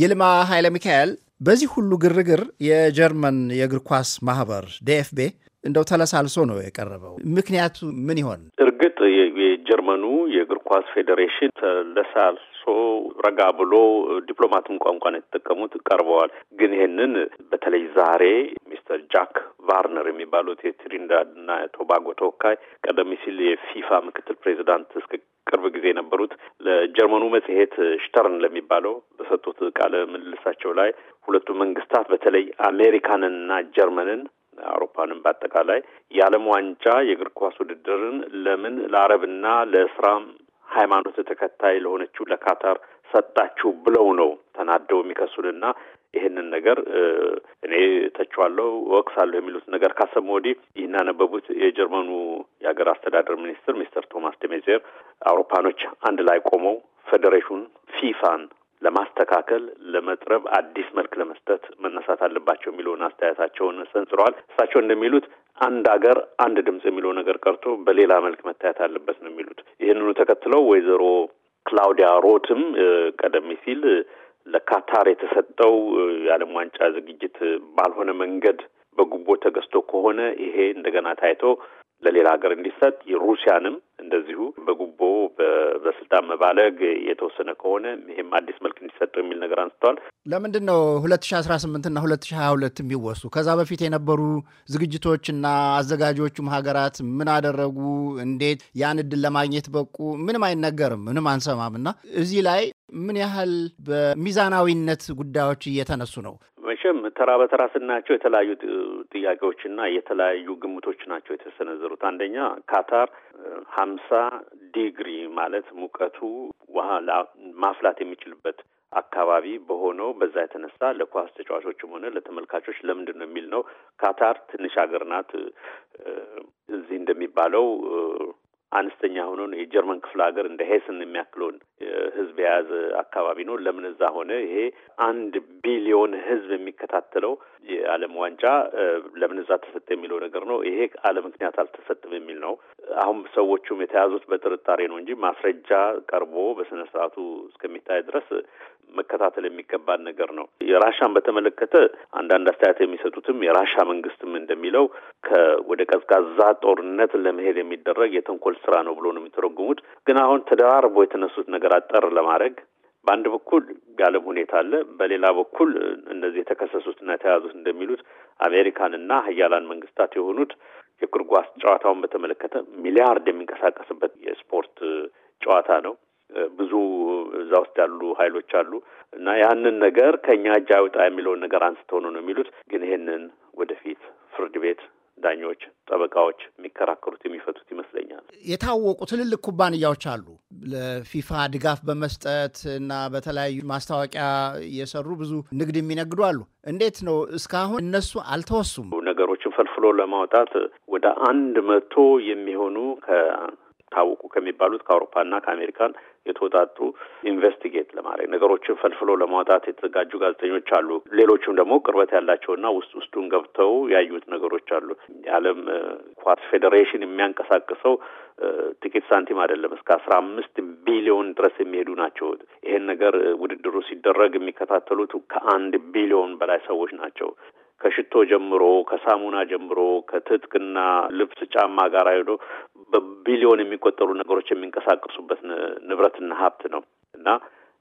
ይልማ ኃይለ ሚካኤል፣ በዚህ ሁሉ ግርግር የጀርመን የእግር ኳስ ማህበር ዲኤፍቤ እንደው ተለሳልሶ ነው የቀረበው። ምክንያቱ ምን ይሆን? እርግጥ የጀርመኑ የእግር ኳስ ፌዴሬሽን ተለሳልሶ ረጋ ብሎ ዲፕሎማትን ቋንቋን የተጠቀሙት ቀርበዋል። ግን ይህንን በተለይ ዛሬ ሚስተር ጃክ ቫርነር የሚባሉት የትሪንዳድና ቶባጎ ተወካይ ቀደም ሲል የፊፋ ምክትል ፕሬዚዳንት እስከ በቅርብ ጊዜ የነበሩት ለጀርመኑ መጽሔት ሽተርን ለሚባለው በሰጡት ቃለ ምልልሳቸው ላይ ሁለቱ መንግስታት በተለይ አሜሪካንንና ጀርመንን አውሮፓንም በአጠቃላይ የዓለም ዋንጫ የእግር ኳስ ውድድርን ለምን ለአረብና ለእስላም ሃይማኖት ተከታይ ለሆነችው ለካታር ሰጣችሁ ብለው ነው ተናደው የሚከሱንና ይህንን ነገር እኔ ተችዋለሁ፣ አለሁ የሚሉት ነገር ካሰሙ ወዲህ ይህን ያነበቡት የጀርመኑ የሀገር አስተዳደር ሚኒስትር ሚስተር ቶማስ ደሜዜር አውሮፓኖች አንድ ላይ ቆመው ፌዴሬሽን ፊፋን ለማስተካከል ለመጥረብ አዲስ መልክ ለመስጠት መነሳት አለባቸው የሚለውን አስተያየታቸውን ሰንዝረዋል። እሳቸው እንደሚሉት አንድ አገር አንድ ድምፅ የሚለው ነገር ቀርቶ በሌላ መልክ መታየት አለበት ነው የሚሉት። ይህንኑ ተከትለው ወይዘሮ ክላውዲያ ሮትም ቀደም ሲል ለካታር የተሰጠው የዓለም ዋንጫ ዝግጅት ባልሆነ መንገድ በጉቦ ተገዝቶ ከሆነ ይሄ እንደገና ታይቶ ለሌላ ሀገር እንዲሰጥ የሩሲያንም እንደዚሁ በጉቦ በስልጣን መባለግ የተወሰነ ከሆነ ይህም አዲስ መልክ እንዲሰጠው የሚል ነገር አንስተዋል። ለምንድን ነው ሁለት ሺ አስራ ስምንት ና ሁለት ሺ ሀያ ሁለት የሚወሱ? ከዛ በፊት የነበሩ ዝግጅቶች እና አዘጋጆቹም ሀገራት ምን አደረጉ? እንዴት ያን እድል ለማግኘት በቁ? ምንም አይነገርም፣ ምንም አንሰማም። እና እዚህ ላይ ምን ያህል በሚዛናዊነት ጉዳዮች እየተነሱ ነው? መቼም ተራ በተራ ስናያቸው የተለያዩ ጥያቄዎችና የተለያዩ ግምቶች ናቸው የተሰነዘሩት። አንደኛ ካታር ሀምሳ ዲግሪ ማለት ሙቀቱ ውሃ ማፍላት የሚችልበት አካባቢ በሆነው በዛ የተነሳ ለኳስ ተጫዋቾችም ሆነ ለተመልካቾች ለምንድን ነው የሚል ነው። ካታር ትንሽ ሀገር ናት። እዚህ እንደሚባለው አነስተኛ ሆኖ የጀርመን ክፍለ ሀገር እንደ ሄስን የሚያክለውን ህዝብ የያዘ አካባቢ ነው። ለምን እዛ ሆነ? ይሄ አንድ ቢሊዮን ህዝብ የሚከታተለው የዓለም ዋንጫ ለምን እዛ ተሰጠ የሚለው ነገር ነው። ይሄ አለ ምክንያት አልተሰጥም የሚል ነው። አሁን ሰዎቹም የተያዙት በጥርጣሬ ነው እንጂ ማስረጃ ቀርቦ በስነ ስርዓቱ እስከሚታይ ድረስ መከታተል የሚገባን ነገር ነው። የራሻን በተመለከተ አንዳንድ አስተያየት የሚሰጡትም የራሻ መንግስትም እንደሚለው ወደ ቀዝቃዛ ጦርነት ለመሄድ የሚደረግ የተንኮል ስራ ነው ብሎ ነው የሚተረጉሙት። ግን አሁን ተደራርቦ የተነሱት ነገር አጠር ለማድረግ በአንድ በኩል የዓለም ሁኔታ አለ። በሌላ በኩል እነዚህ የተከሰሱትና የተያዙት እንደሚሉት አሜሪካንና ሀያላን መንግስታት የሆኑት የእግር ኳስ ጨዋታውን በተመለከተ ሚሊያርድ የሚንቀሳቀስበት የስፖርት ጨዋታ ነው። ብዙ እዛ ውስጥ ያሉ ኃይሎች አሉ እና ያንን ነገር ከእኛ እጅ አይውጣ የሚለውን ነገር አንስተው ነው ነው የሚሉት። ግን ይሄንን ወደፊት ፍርድ ቤት ዳኞች፣ ጠበቃዎች የሚከራከሩት የሚፈቱት ይመስለኛል። የታወቁ ትልልቅ ኩባንያዎች አሉ ለፊፋ ድጋፍ በመስጠት እና በተለያዩ ማስታወቂያ እየሰሩ ብዙ ንግድ የሚነግዱ አሉ። እንዴት ነው እስካሁን እነሱ አልተወሱም? ነገሮችን ፈልፍሎ ለማውጣት ወደ አንድ መቶ የሚሆኑ ከታወቁ ከሚባሉት ከአውሮፓና ከአሜሪካን የተወጣጡ ኢንቨስቲጌት ለማድረግ ነገሮችን ፈልፍሎ ለማውጣት የተዘጋጁ ጋዜጠኞች አሉ። ሌሎችም ደግሞ ቅርበት ያላቸውና ውስጥ ውስጡን ገብተው ያዩት ነገሮች አሉ። የዓለም ኳስ ፌዴሬሽን የሚያንቀሳቅሰው ጥቂት ሳንቲም አይደለም። እስከ አስራ አምስት ቢሊዮን ድረስ የሚሄዱ ናቸው። ይሄን ነገር ውድድሩ ሲደረግ የሚከታተሉት ከአንድ ቢሊዮን በላይ ሰዎች ናቸው። ከሽቶ ጀምሮ ከሳሙና ጀምሮ ከትጥቅና ልብስ፣ ጫማ ጋር ሄዶ በቢሊዮን የሚቆጠሩ ነገሮች የሚንቀሳቀሱበት ንብረትና ሀብት ነው እና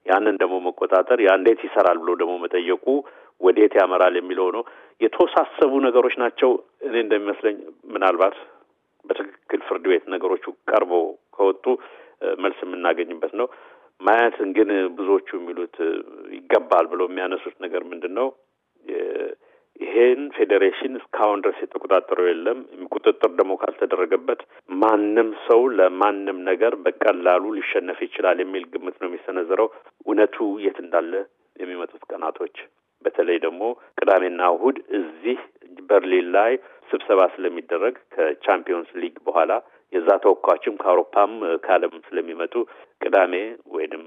ያንን ደግሞ መቆጣጠር ያ እንዴት ይሰራል ብሎ ደግሞ መጠየቁ ወዴት ያመራል የሚለው ነው። የተወሳሰቡ ነገሮች ናቸው። እኔ እንደሚመስለኝ ምናልባት በትክክል ፍርድ ቤት ነገሮቹ ቀርቦ ከወጡ መልስ የምናገኝበት ነው። ማየትን ግን ብዙዎቹ የሚሉት ይገባል ብሎ የሚያነሱት ነገር ምንድን ነው? ይሄን ፌዴሬሽን እስካሁን ድረስ የተቆጣጠረው የለም። ቁጥጥር ደግሞ ካልተደረገበት ማንም ሰው ለማንም ነገር በቀላሉ ሊሸነፍ ይችላል የሚል ግምት ነው የሚሰነዘረው። እውነቱ የት እንዳለ የሚመጡት ቀናቶች በተለይ ደግሞ ቅዳሜና እሁድ እዚህ በርሊን ላይ ስብሰባ ስለሚደረግ ከቻምፒዮንስ ሊግ በኋላ የዛ ተወካዮችም ከአውሮፓም ከአለም ስለሚመጡ ቅዳሜ ወይንም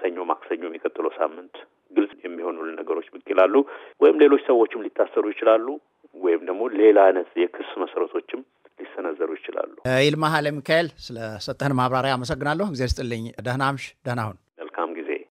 ሰኞ ማክሰኞ የሚቀጥለው ሳምንት የሚሆኑ ነገሮች ብቅ ይላሉ። ወይም ሌሎች ሰዎችም ሊታሰሩ ይችላሉ። ወይም ደግሞ ሌላ አይነት የክስ መሰረቶችም ሊሰነዘሩ ይችላሉ። ይልማ ሚካኤል ስለሰጠህን ማብራሪያ አመሰግናለሁ። እግዚአብሔር ስጥልኝ። ደህና አምሽ። ደህና ሁን።